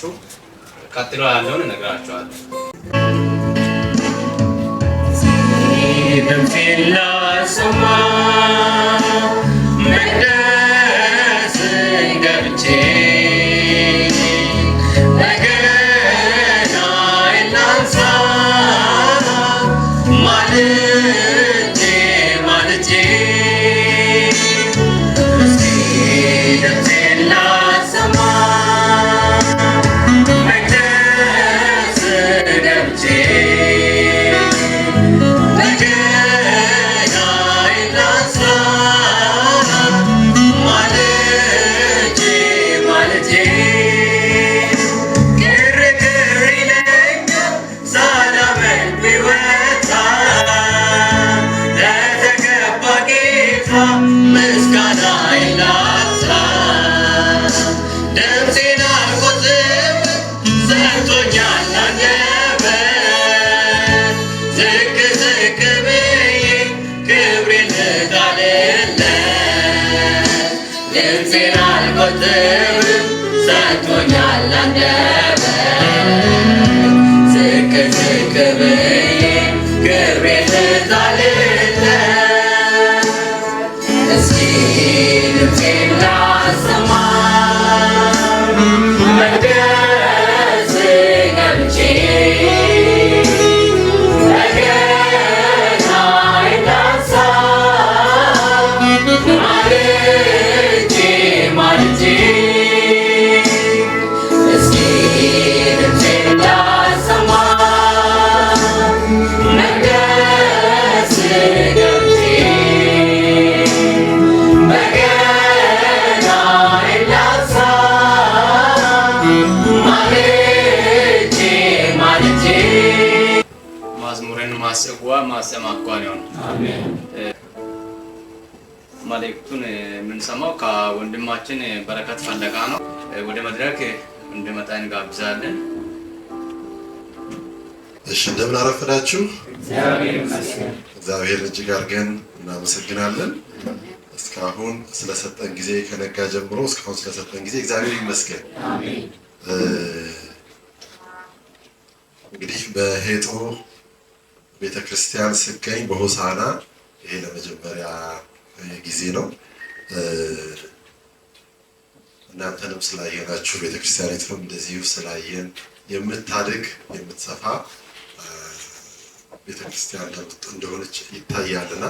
ካላችሁ ቀጥሎ ያለውን እነግራችኋለሁ። Sunday. መልእክቱን የምንሰማው ከወንድማችን በረከት ፈለጋ ነው። ወደ መድረክ እንድመጣ እንጋብዛለን። እሺ እንደምን አረፈዳችሁ? እግዚአብሔር እጅግ አድርገን እናመሰግናለን። እስካሁን ስለሰጠን ጊዜ ከነጋ ጀምሮ እስካሁን ስለሰጠን ጊዜ እግዚአብሔር ይመስገን። እንግዲህ በሄጦ ቤተክርስቲያን ስገኝ በሆሳና ይሄ ለመጀመሪያ ጊዜ ነው። እናንተንም ስላየናችሁ ቤተክርስቲያኒቱንም እንደዚሁ ስላየን የምታድግ የምትሰፋ ቤተክርስቲያን እንደሆነች ይታያልና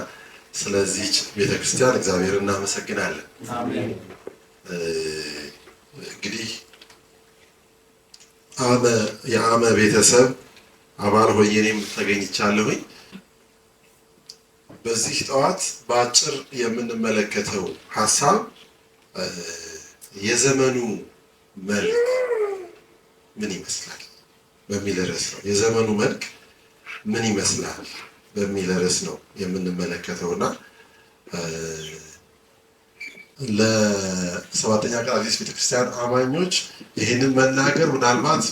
ስለዚች ቤተክርስቲያን እግዚአብሔር እናመሰግናለን። እንግዲህ የአመ ቤተሰብ አባል ሆዬ እኔም ተገኝቻለሁኝ። በዚህ ጠዋት በአጭር የምንመለከተው ሀሳብ የዘመኑ መልክ ምን ይመስላል በሚል ርዕስ ነው። የዘመኑ መልክ ምን ይመስላል በሚል ርዕስ ነው የምንመለከተውና ለሰባተኛ ቀን አዲስ ቤተክርስቲያን አማኞች ይህንን መናገር ምናልባት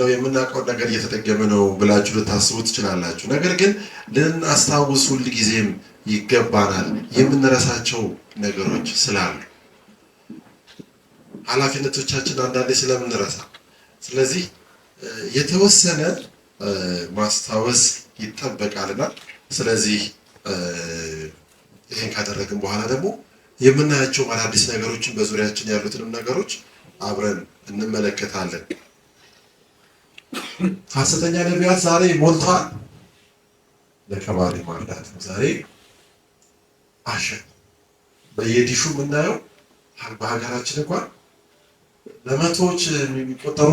ነው የምናውቀው ነገር እየተጠገመ ነው ብላችሁ ልታስቡ ትችላላችሁ። ነገር ግን ልናስታውስ ሁል ጊዜም ይገባናል የምንረሳቸው ነገሮች ስላሉ ኃላፊነቶቻችን አንዳንዴ ስለምንረሳ፣ ስለዚህ የተወሰነ ማስታወስ ይጠበቃልና ስለዚህ ይህን ካደረግን በኋላ ደግሞ የምናያቸው አዳዲስ ነገሮችን በዙሪያችን ያሉትንም ነገሮች አብረን እንመለከታለን። ሐሰተኛ ነቢያት ዛሬ ሞልቷል። ለቀባሪ ማርዳት ነው ዛሬ አሸ በየዲሹ የምናየው በሀገራችን እንኳን ለመቶዎች የሚቆጠሩ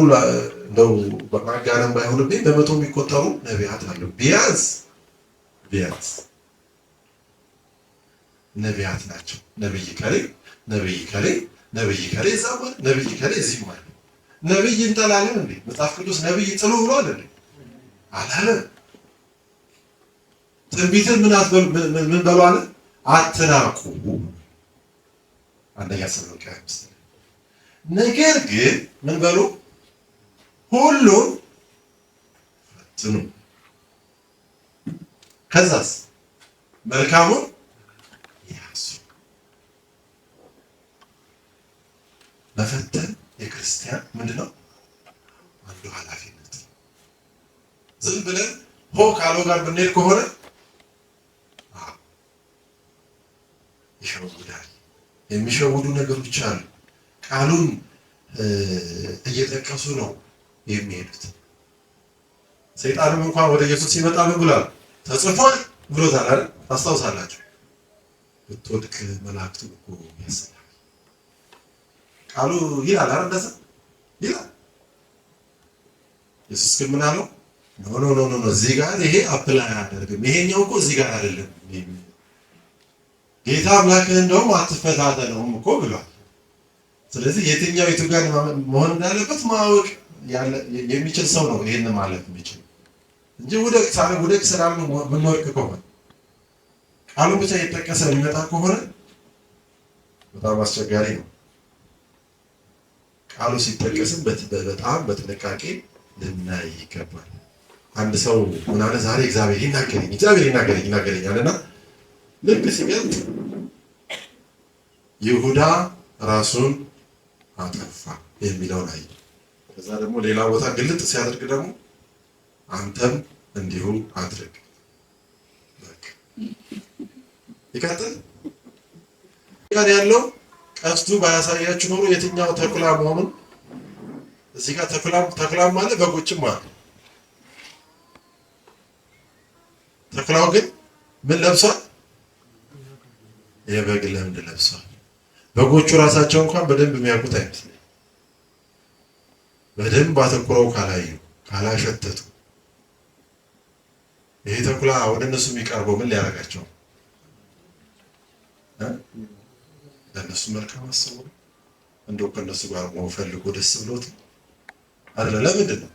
እንደው በማጋነን ባይሆንብኝ ለመቶ የሚቆጠሩ ነቢያት አሉ። ቢያንስ ቢያንስ ነቢያት ናቸው። ነብይ ከሌ ነብይ ከሌ ነብይ ከሌ እዛ ነብይ ከሌ እዚህ ማለት ነብይ እንጠላለን እንዴ? መጽሐፍ ቅዱስ ነብይ ጥሉ ብሎ እንዴ? አላለም። ትንቢትን ምን አትበል ምን በሏል? አትናቁ። አንደኛ ተሰሎንቄ አምስት ነገር ግን ምን በሉ ሁሉን ፈትኑ። ከዛስ መልካሙን ያሱ መፈተን የክርስቲያን ምንድነው አንዱ ኃላፊነት። ዝም ብለን ሆ ካሎ ጋር ብንሄድ ከሆነ ይሸውዳል። የሚሸውዱ ነገሮች አሉ። ቃሉን እየጠቀሱ ነው የሚሄዱት። ሰይጣንም እንኳን ወደ ኢየሱስ ሲመጣ ምን ብሏል? ተጽፏል ብሎታል አይደል? ታስታውሳላችሁ። ብትወድቅ መላእክቱ እኮ ያስ ቃሉ ይላል አረ እንደዛ ይላል። ኢየሱስ ግን ምን አለው? ኖ ኖ ኖ ኖ እዚህ ጋር ይሄ አፕላይ አያደርግም። ይሄኛው እኮ እዚህ ጋር አይደለም። ጌታ አምላክህ እንደውም አትፈታተነውም እኮ ብሏል። ስለዚህ የትኛው የቱ ጋር መሆን እንዳለበት ማወቅ የሚችል ሰው ነው ይሄን ማለት የሚችል እንጂ ውደቅ ሳለ ውደቅ ስላሉ የምንወድቅ ከሆነ ቃሉን ብቻ እየጠቀሰ የሚመጣ ከሆነ በጣም አስቸጋሪ ነው። ቃሉ ሲጠቀስም በጣም በጥንቃቄ ልናይ ይገባል። አንድ ሰው ምናለ ዛሬ እግዚአብሔር ይናገረኝ እግዚአብሔር ይናገረኝ ይናገረኛል እና ልብ ሲገልጥ ይሁዳ ራሱን አጠፋ የሚለውን አይ ከዛ ደግሞ ሌላ ቦታ ግልጥ ሲያደርግ ደግሞ አንተም እንዲሁ አድርግ ይቀጥል ያለው ቀስቱ ባያሳያችሁ ኖሮ የትኛው ተኩላ መሆኑን እዚህ ጋር ተኩላም ተኩላም አለ በጎችም አለ። ተኩላው ግን ምን ለብሷል? የበግ ለምድ ለብሷል። በጎቹ ራሳቸው እንኳን በደንብ የሚያውቁት አይመስለኝም። በደንብ አተኩረው ካላዩ ካላሸተቱ ይሄ ተኩላ ወደ እነሱ የሚቀርበው ምን ሊያደርጋቸው ለእነሱ መልካም አስቡ እንደው ከእነሱ ጋር መሆን ፈልጎ ደስ ብሎት አለ። ለምንድን ነው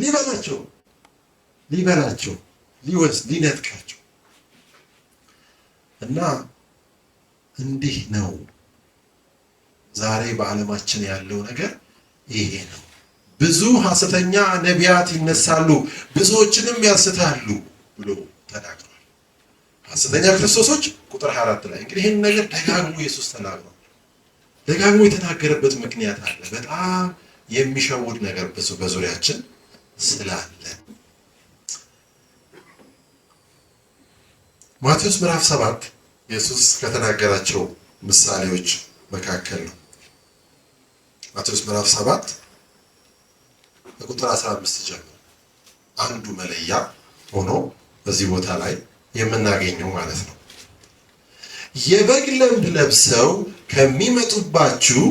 ሊበላቸው ሊበላቸው ሊወስ ሊነጥቃቸው እና እንዲህ ነው። ዛሬ በዓለማችን ያለው ነገር ይሄ ነው። ብዙ ሐሰተኛ ነቢያት ይነሳሉ፣ ብዙዎችንም ያስታሉ ብሎ ተናግሯል። ሐሰተኛ ክርስቶሶች ቁጥር 24 ላይ እንግዲህ ይህን ነገር ደጋግሞ ኢየሱስ ተናግሯል። ደጋግሞ የተናገረበት ምክንያት አለ። በጣም የሚሸውድ ነገር ብዙ በዙሪያችን ስላለ ማቴዎስ ምዕራፍ ሰባት ኢየሱስ ከተናገራቸው ምሳሌዎች መካከል ነው። ማቴዎስ ምዕራፍ ሰባት ከቁጥር 15 ጀምሮ አንዱ መለያ ሆኖ በዚህ ቦታ ላይ የምናገኘው ማለት ነው። የበግ ለምድ ለብሰው ከሚመጡባችሁ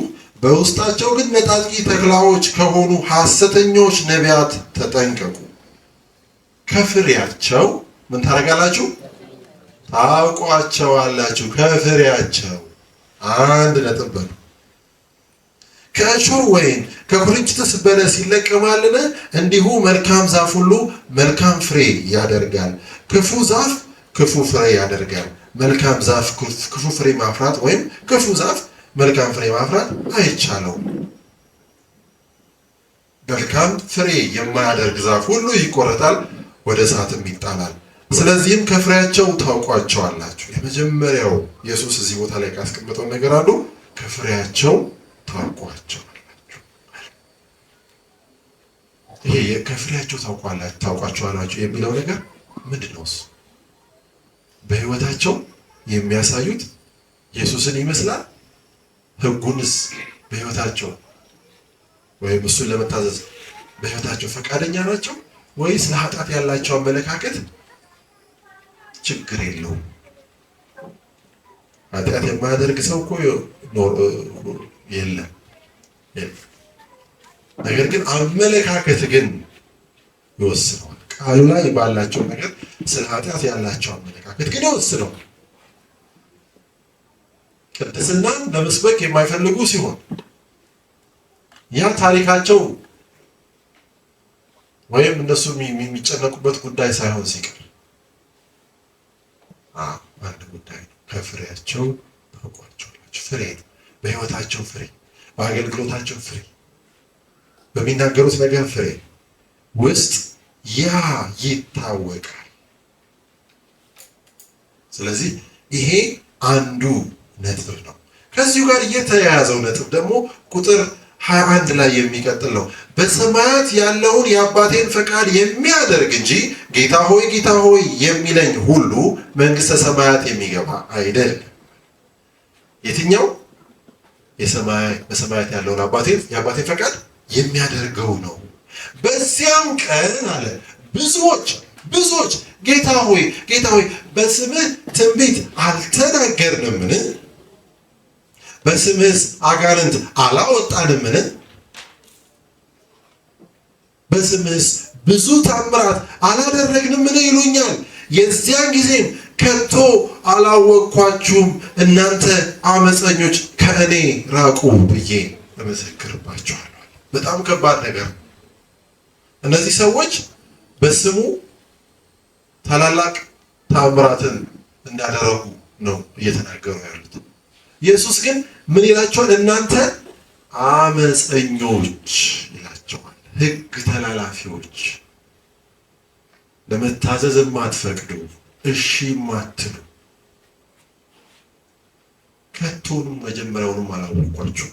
በውስጣቸው ግን ነጣቂ ተኩላዎች ከሆኑ ሐሰተኞች ነቢያት ተጠንቀቁ። ከፍሬያቸው ምን ታደርጋላችሁ? ታውቋቸዋላችሁ። ከፍሬያቸው አንድ ነጥብ በሉ። ከእሾህ ወይን ከኩርንችትስ በለስ ይለቀማልን? እንዲሁ መልካም ዛፍ ሁሉ መልካም ፍሬ ያደርጋል፣ ክፉ ዛፍ ክፉ ፍሬ ያደርጋል። መልካም ዛፍ ክፉ ፍሬ ማፍራት ወይም ክፉ ዛፍ መልካም ፍሬ ማፍራት አይቻለው መልካም ፍሬ የማያደርግ ዛፍ ሁሉ ይቆረጣል፣ ወደ እሳትም ይጣላል። ስለዚህም ከፍሬያቸው ታውቋቸዋላችሁ። የመጀመሪያው ኢየሱስ እዚህ ቦታ ላይ ካስቀመጠው ነገር አሉ ከፍሬያቸው ታውቋቸዋላችሁ። ይሄ ከፍሬያቸው ታውቋቸዋላችሁ የሚለው ነገር ምንድን ነው? በህይወታቸው የሚያሳዩት ኢየሱስን ይመስላል። ህጉንስ በህይወታቸው ወይም እሱን ለመታዘዝ በህይወታቸው ፈቃደኛ ናቸው ወይስ ለኃጢአት ያላቸው አመለካከት ችግር የለውም? ኃጢአት የማያደርግ ሰው እኮ የለም። ነገር ግን አመለካከት ግን ይወስነዋል። ቃሉ ላይ ባላቸው ነገር ስለ ኃጢአት ያላቸው አመለካከት ግን ወስ ነው። ቅድስናን ለመስበክ የማይፈልጉ ሲሆን ያ ታሪካቸው ወይም እነሱ የሚጨነቁበት ጉዳይ ሳይሆን ሲቀር አንድ ጉዳይ ነው። ከፍሬያቸው ታውቋቸዋላችሁ። ፍሬ በህይወታቸው ፍሬ፣ በአገልግሎታቸው ፍሬ፣ በሚናገሩት ነገር ፍሬ ውስጥ ያ ይታወቃል። ስለዚህ ይሄ አንዱ ነጥብ ነው። ከዚሁ ጋር የተያያዘው ነጥብ ደግሞ ቁጥር ሀያ አንድ ላይ የሚቀጥል ነው። በሰማያት ያለውን የአባቴን ፈቃድ የሚያደርግ እንጂ ጌታ ሆይ ጌታ ሆይ የሚለኝ ሁሉ መንግሥተ ሰማያት የሚገባ አይደለም። የትኛው በሰማያት ያለውን አባቴን የአባቴን ፈቃድ የሚያደርገው ነው በዚያም ቀን አለ ብዙዎች ብዙዎች ጌታ ሆይ ጌታ ሆይ በስምህ ትንቢት አልተናገርንምን? በስምህስ አጋንንት አላወጣንምን? በስምህስ ብዙ ታምራት አላደረግንምን? ይሉኛል። የዚያን ጊዜም ከቶ አላወቅኳችሁም፣ እናንተ አመፀኞች ከእኔ ራቁ ብዬ እመሰክርባችኋለሁ። በጣም ከባድ ነገር እነዚህ ሰዎች በስሙ ታላላቅ ታምራትን እንዳደረጉ ነው እየተናገሩ ያሉት። ኢየሱስ ግን ምን ይላቸዋል? እናንተ አመፀኞች ይላቸዋል። ህግ ተላላፊዎች፣ ለመታዘዝ የማትፈቅዱ እሺ የማትሉ ከቶንም መጀመሪያውንም አላወቋቸው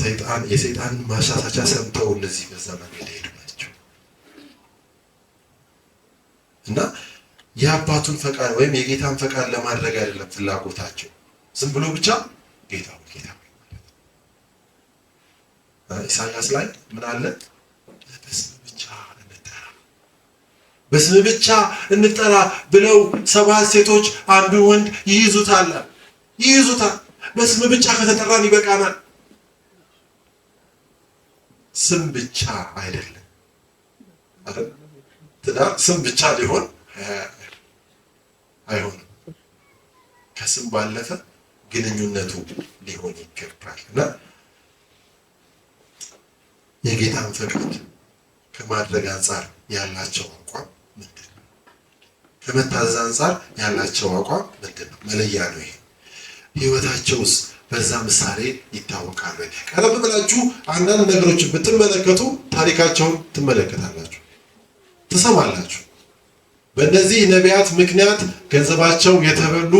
ሰይጣን የሰይጣንን ማሳሳቻ ሰምተው እነዚህ በዛ መንገድ ሄዱ ናቸው እና የአባቱን ፈቃድ ወይም የጌታን ፈቃድ ለማድረግ አይደለም ፍላጎታቸው። ዝም ብሎ ብቻ ጌታ ጌታ ኢሳያስ ላይ ምን አለ? በስም ብቻ እንጠራ በስም ብቻ እንጠራ ብለው ሰባት ሴቶች አንዱ ወንድ ይይዙታል ይይዙታል። በስም ብቻ ከተጠራን ይበቃናል። ስም ብቻ አይደለም። ትዳር ስም ብቻ ሊሆን አይሆንም። ከስም ባለፈ ግንኙነቱ ሊሆን ይገባል እና የጌታን ፈቃድ ከማድረግ አንጻር ያላቸው አቋም ምንድን ነው? ከመታዘዝ አንጻር ያላቸው አቋም ምንድን ነው? መለያ ነው ይሄ ህይወታቸው ውስጥ በዛ ምሳሌ ይታወቃሉ። ቀደም ብላችሁ አንዳንድ ነገሮችን ብትመለከቱ ታሪካቸውን ትመለከታላችሁ፣ ትሰማላችሁ። በእነዚህ ነቢያት ምክንያት ገንዘባቸው የተበሉ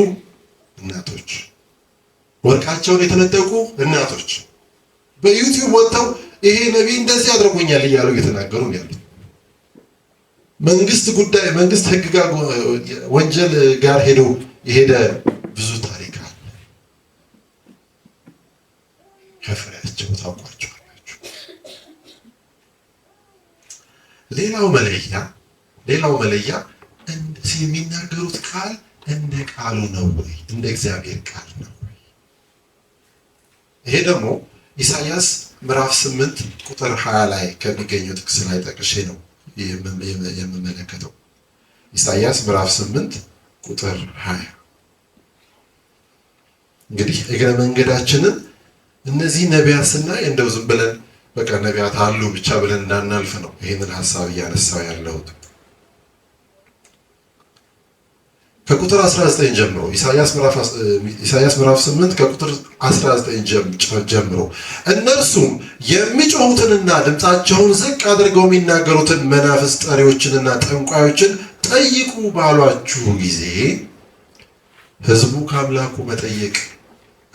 እናቶች፣ ወርቃቸውን የተነጠቁ እናቶች በዩቲዩብ ወጥተው ይሄ ነቢይ እንደዚህ አድርጎኛል እያሉ እየተናገሩ ያሉ መንግስት ጉዳይ መንግስት ህግ ጋር ወንጀል ጋር ሄደው የሄደ ብዙ ከፍሬያቸው ታውቋቸዋላችሁ። ሌላው መለያ ሌላው መለያ የሚናገሩት ቃል እንደ ቃሉ ነው ወይ? እንደ እግዚአብሔር ቃል ነው ወይ? ይሄ ደግሞ ኢሳይያስ ምዕራፍ 8 ቁጥር 20 ላይ ከሚገኘው ጥቅስ ላይ ጠቅሼ ነው የምመለከተው። ኢሳይያስ ምዕራፍ 8 ቁጥር 20 እንግዲህ እግረ መንገዳችንን እነዚህ ነቢያት ስናይ እንደው ዝም ብለን በቃ ነቢያት አሉ ብቻ ብለን እንዳናልፍ ነው ይህንን ሀሳብ እያነሳው ያለሁት። ከቁጥር 19 ጀምሮ ኢሳያስ ምዕራፍ 8 ከቁጥር 19 ጀምሮ እነርሱም የሚጮሁትንና ድምፃቸውን ዝቅ አድርገው የሚናገሩትን መናፍስ ጠሪዎችንና ጠንቋዮችን ጠይቁ ባሏችሁ ጊዜ ሕዝቡ ከአምላኩ መጠየቅ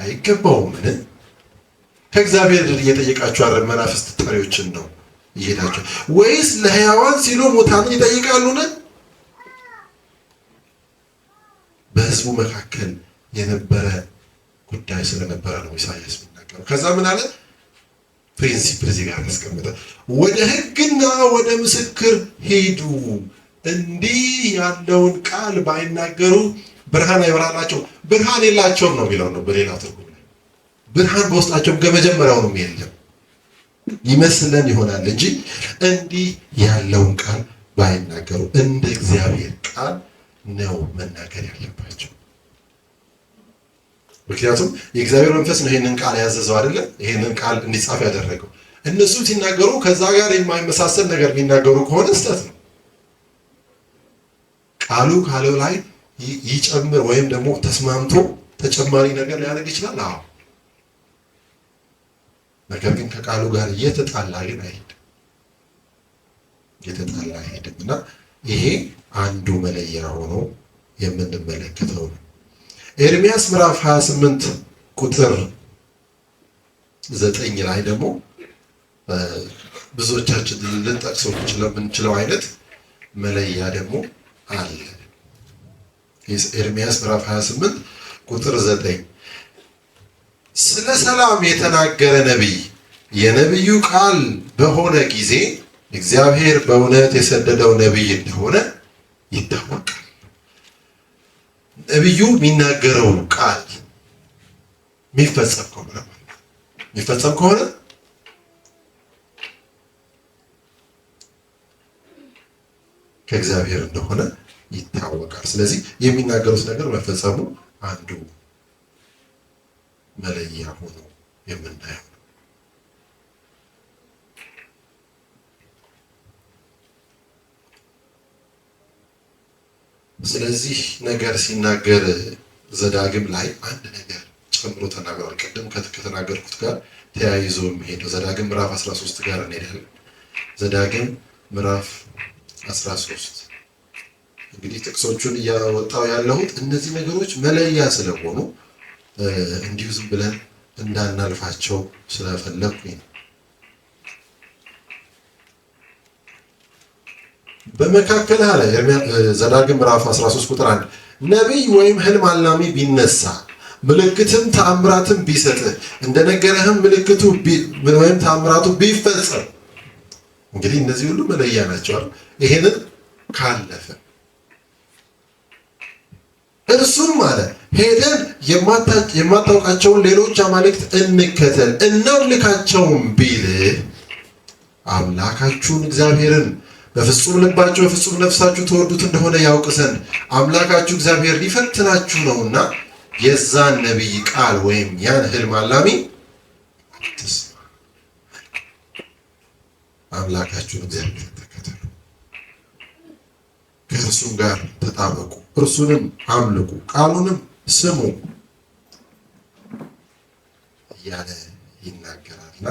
አይገባውምን? ከእግዚአብሔር እየጠየቃችሁ አረ መናፍስት ጠሪዎችን ነው ይሄዳችሁ ወይስ ለሕያዋን ሲሉ ሙታንን ይጠይቃሉን? በህዝቡ መካከል የነበረ ጉዳይ ስለነበረ ነው ኢሳያስ የሚናገረው። ከዛ ምን አለ? ፕሪንሲፕል እዚህ ጋር ተስቀምጠ ወደ ህግና ወደ ምስክር ሄዱ እንዲህ ያለውን ቃል ባይናገሩ ብርሃን አይበራላቸው ብርሃን የላቸውም ነው የሚለው ነው በሌላ ትርጉም ብርሃን በውስጣቸው ከመጀመሪያው ነው የለም ይመስለን ይሆናል እንጂ እንዲህ ያለውን ቃል ባይናገሩ እንደ እግዚአብሔር ቃል ነው መናገር ያለባቸው። ምክንያቱም የእግዚአብሔር መንፈስ ነው ይህንን ቃል ያዘዘው አይደለ? ይህንን ቃል እንዲጻፍ ያደረገው። እነሱ ሲናገሩ ከዛ ጋር የማይመሳሰል ነገር የሚናገሩ ከሆነ ስህተት ነው። ቃሉ ካለው ላይ ይጨምር ወይም ደግሞ ተስማምቶ ተጨማሪ ነገር ሊያደርግ ይችላል። አዎ ነገር ግን ከቃሉ ጋር እየተጣላ ግን አይሄድም፣ እየተጣላ አይሄድም እና ይሄ አንዱ መለያ ሆኖ የምንመለከተው ነው። ኤርሚያስ ምዕራፍ 28 ቁጥር ዘጠኝ ላይ ደግሞ ብዙዎቻችን ልንጠቅሰው የምንችለው አይነት መለያ ደግሞ አለ። ኤርሚያስ ምዕራፍ 28 ቁጥር ዘጠኝ ስለ ሰላም የተናገረ ነቢይ የነቢዩ ቃል በሆነ ጊዜ እግዚአብሔር በእውነት የሰደደው ነቢይ እንደሆነ ይታወቃል። ነቢዩ የሚናገረው ቃል የሚፈጸም ከሆነ የሚፈጸም ከሆነ ከእግዚአብሔር እንደሆነ ይታወቃል። ስለዚህ የሚናገሩት ነገር መፈጸሙ አንዱ መለያ ሆኖ የምናየው ነው። ስለዚህ ነገር ሲናገር ዘዳግም ላይ አንድ ነገር ጨምሮ ተናግሯል። ቅድም ከተናገርኩት ጋር ተያይዞ የሚሄደው ዘዳግም ምዕራፍ 13 ጋር እንሄዳለን። ዘዳግም ምዕራፍ 13 እንግዲህ ጥቅሶቹን እያወጣው ያለሁት እነዚህ ነገሮች መለያ ስለሆኑ እንዲሁ ዝም ብለን እንዳናልፋቸው ስለፈለግኩኝ ነው። በመካከል አለ ዘዳግም ምዕራፍ 13 ቁጥር 1 ነቢይ ወይም ህልም አላሚ ቢነሳ ምልክትም ተአምራትም ቢሰጥህ እንደነገረህም ምልክቱ ወይም ተአምራቱ ቢፈጸም እንግዲህ እነዚህ ሁሉ መለያ ናቸዋል። ይሄንን ካለፈ እርሱም ማለት ሄደን የማታውቃቸውን ሌሎች አማልክት እንከተል እናምልካቸውም ቢል አምላካችሁን እግዚአብሔርን በፍጹም ልባችሁ በፍጹም ነፍሳችሁ ተወዱት እንደሆነ ያውቅ ዘንድ አምላካችሁ እግዚአብሔር ሊፈትናችሁ ነውና የዛን ነቢይ ቃል ወይም ያን ህልም አላሚ አምላካችሁን እግዚአብሔር ተከተሉ፣ ከእርሱም ጋር ተጣበቁ፣ እርሱንም አምልኩ፣ ቃሉንም ስሙ እያለ ይናገራልና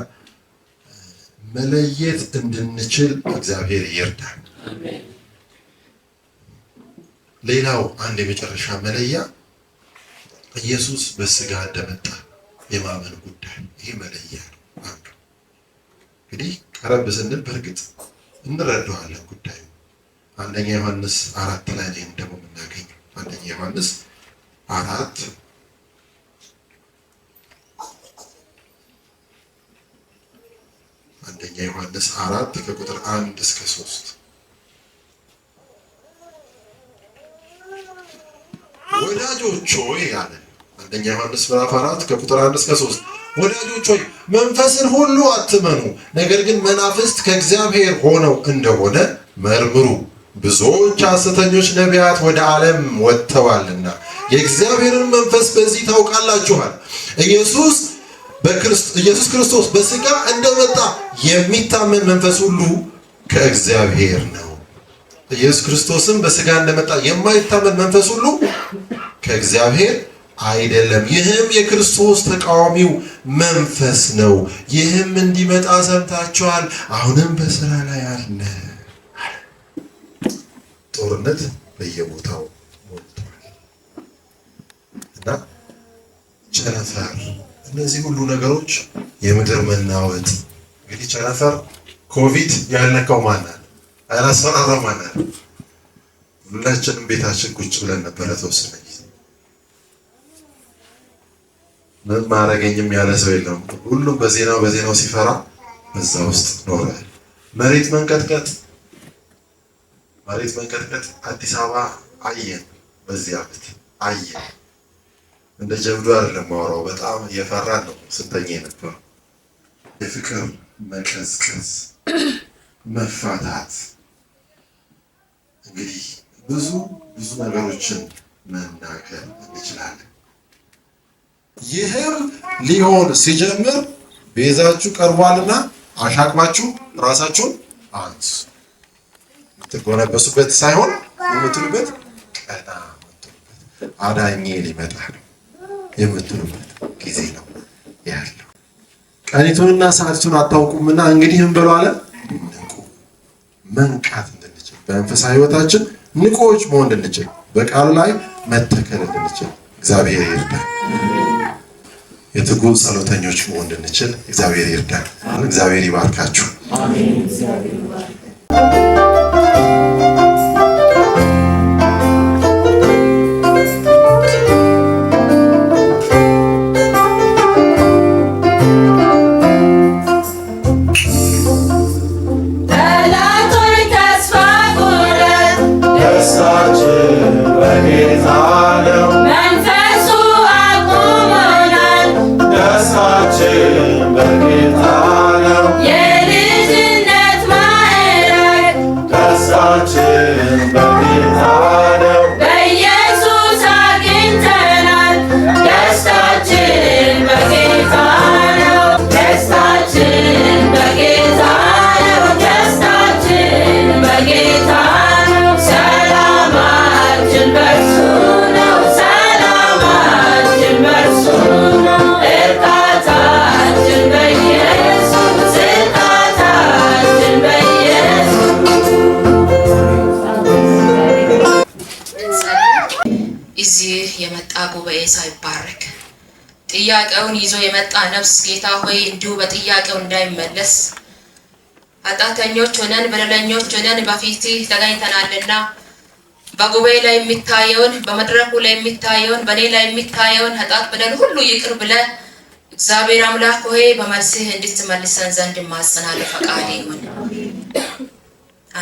መለየት እንድንችል እግዚአብሔር ይርዳል። ሌላው አንድ የመጨረሻ መለያ ኢየሱስ በስጋ እንደመጣ የማመን ጉዳይ ይሄ መለያ ነው። አንዱ እንግዲህ ቀረብ ስንል በእርግጥ እንረዳዋለን ጉዳዩ አንደኛ ዮሐንስ አራት ላይ ላይ ደግሞ የምናገኘው አንደኛ ዮሐንስ አራት አንደኛ ዮሐንስ አራት ከቁጥር አንድ እስከ ሶስት ወዳጆች ሆይ አለ። አንደኛ ዮሐንስ ምዕራፍ አራት ከቁጥር አንድ እስከ ሶስት ወዳጆች ሆይ መንፈስን ሁሉ አትመኑ፣ ነገር ግን መናፍስት ከእግዚአብሔር ሆነው እንደሆነ መርምሩ፣ ብዙዎች ሐሰተኞች ነቢያት ወደ ዓለም ወጥተዋልና የእግዚአብሔርን መንፈስ በዚህ ታውቃላችኋል። ኢየሱስ ኢየሱስ ክርስቶስ በስጋ እንደመጣ የሚታመን መንፈስ ሁሉ ከእግዚአብሔር ነው። ኢየሱስ ክርስቶስም በስጋ እንደመጣ የማይታመን መንፈስ ሁሉ ከእግዚአብሔር አይደለም። ይህም የክርስቶስ ተቃዋሚው መንፈስ ነው። ይህም እንዲመጣ ሰምታችኋል፣ አሁንም በስራ ላይ አለ። ጦርነት በየቦታው እና ቸነፈር፣ እነዚህ ሁሉ ነገሮች የምድር መናወጥ። እንግዲህ ቸነፈር ኮቪድ ያልነካው ማናል አላስፈራራም ማናል። ሁላችንም ቤታችን ቁጭ ብለን ነበረ ተወሰነ ምን ማረገኝም ያለ ሰው የለም። ሁሉም በዜናው በዜናው ሲፈራ በዛ ውስጥ ኖረ። መሬት መንቀጥቀጥ መሬት መንቀጥቀጥ አዲስ አበባ አየን፣ በዚህ ዓመት አየን። እንደ ጀብዱ አይደለም ማውራው። በጣም እየፈራ ነው ስተኛ የነበረ የፍቅር መቀዝቀዝ መፋታት። እንግዲህ ብዙ ብዙ ነገሮችን መናገር እንችላለን። ይህም ሊሆን ሲጀምር ቤዛችሁ ቀርቧልና አሻቅባችሁ ራሳችሁን አንሱ። የምትጎነበሱበት ሳይሆን የምትሉበት ቀና የምትሉበት አዳኜ ሊመጣ ነው። የምትሉበት ጊዜ ነው ያለው። ቀኒቱንና ሰዓቲቱን አታውቁምና እንግዲህ ምን በሉ አለ ንቁ። መንቃት እንድንችል በመንፈሳዊ ህይወታችን ንቁዎች መሆን እንድንችል በቃሉ ላይ መተከል እንድንችል እግዚአብሔር ይርዳ። የትጉ ጸሎተኞች መሆን እንድንችል እግዚአብሔር ይርዳ። እግዚአብሔር ይባርካችሁ። ነፍስ ጌታ ሆይ እንዲሁ በጥያቄው እንዳይመለስ ኃጢአተኞች ሆነን በደለኞች ሆነን በፊትህ ተገኝተናልና በጉባኤ ላይ የሚታየውን በመድረኩ ላይ የሚታየውን በኔ ላይ የሚታየውን ኃጢአት በደል ሁሉ ይቅር ብለህ እግዚአብሔር አምላክ ሆይ በመልስህ እንድትመልሰን ዘንድ ማጽናለ ፈቃድ ይሁን።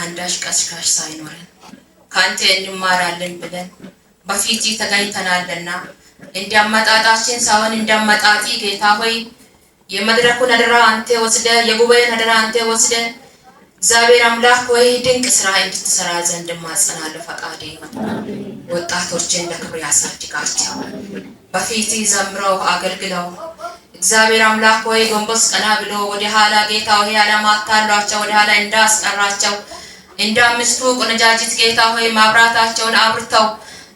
አንዳች ቀስቃሽ ሳይኖረን ከአንተ እንማራለን ብለን በፊትህ ተገኝተናልና እንዲያመጣጣችን ሳይሆን እንዲያመጣጢ ጌታ ሆይ የመድረኩን አደራ አንተ ወስደ የጉባኤን አደራ አንተ ወስደ እግዚአብሔር አምላክ ወይ ድንቅ ስራ እንድትሰራ ዘንድ ማጸናለሁ። ፈቃዴ ወጣቶችን ለክብር ያሳድጋቸው፣ በፊት ዘምረው አገልግለው እግዚአብሔር አምላክ ወይ ጎንበስ ቀና ብሎ ወደ ኋላ ጌታ ሆይ ያለማታሏቸው ወደ ኋላ እንዳስቀራቸው እንደ ቆነጃጅት ጌታ ሆይ ማብራታቸውን አብርተው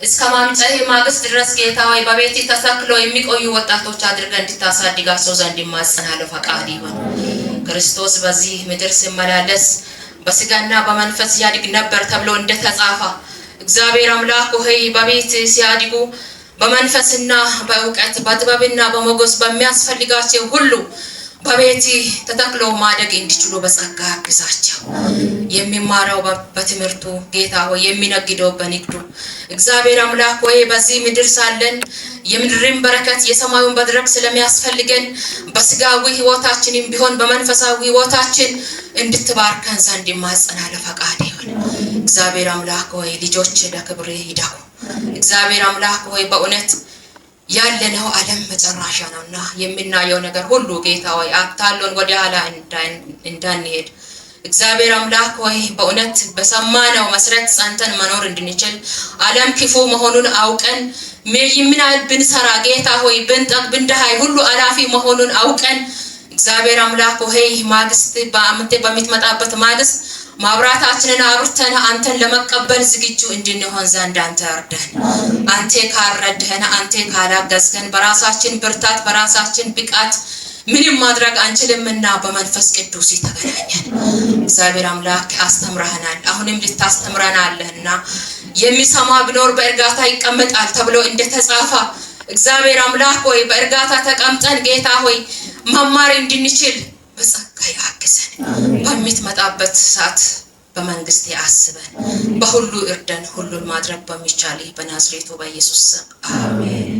እስከ ማምጫ የማግስት ድረስ ጌታ ሆይ በቤት ተሰክሎ የሚቆዩ ወጣቶች አድርገ እንድታሳድጋቸው ዘንድ ማጸናለሁ ፈቃድ ይሆን። ክርስቶስ በዚህ ምድር ሲመላለስ በስጋና በመንፈስ ያድግ ነበር ተብሎ እንደተጻፈ እግዚአብሔር አምላክ ሆይ በቤት ሲያድጉ በመንፈስና በእውቀት በጥበብና በሞገስ በሚያስፈልጋቸው ሁሉ በቤት ተተክለው ማደግ እንዲችሉ በጸጋ አግዛቸው። የሚማረው በትምህርቱ ጌታ ሆይ፣ የሚነግደው በንግዱ እግዚአብሔር አምላክ ሆይ፣ በዚህ ምድር ሳለን የምድርን በረከት የሰማዩን መድረክ ስለሚያስፈልገን በስጋዊ ሕይወታችንም ቢሆን በመንፈሳዊ ሕይወታችን እንድትባርከን ዘንድ ማጸናለ ፈቃድ ይሁን። እግዚአብሔር አምላክ ሆይ፣ ልጆች ለክብር ይዳኩ። እግዚአብሔር አምላክ ሆይ በእውነት ያለነው ዓለም መጨረሻ ነውና የምናየው ነገር ሁሉ ጌታ ሆይ አታሎን ወደ ኋላ እንዳንሄድ እግዚአብሔር አምላክ ሆይ በእውነት በሰማነው መስረት ጸንተን መኖር እንድንችል ዓለም ክፉ መሆኑን አውቀን ምን ያህል ብንሰራ ጌታ ሆይ ብንጠቅ ብንደሃይ ሁሉ አላፊ መሆኑን አውቀን እግዚአብሔር አምላክ ሆይ ማግስት በምትመጣበት ማግስት ማብራታችንን አብርተን አንተን ለመቀበል ዝግጁ እንድንሆን ዘንድ አንተ እርደን አንቴ ካልረድህን፣ አንቴ ካላገዝከን በራሳችን ብርታት በራሳችን ብቃት ምንም ማድረግ አንችልምና በመንፈስ ቅዱስ ተገናኘን። እግዚአብሔር አምላክ አስተምረህናል፣ አሁንም ልታስተምረናለህና የሚሰማ ቢኖር በእርጋታ ይቀመጣል ተብሎ እንደተጻፈ እግዚአብሔር አምላክ ሆይ በእርጋታ ተቀምጠን ጌታ ሆይ መማር እንድንችል በጸጋ ያግዘን። በምትመጣበት ሰዓት በመንግስት አስበን በሁሉ እርደን። ሁሉን ማድረግ በሚቻል በናዝሬቱ በኢየሱስ ስም አሜን።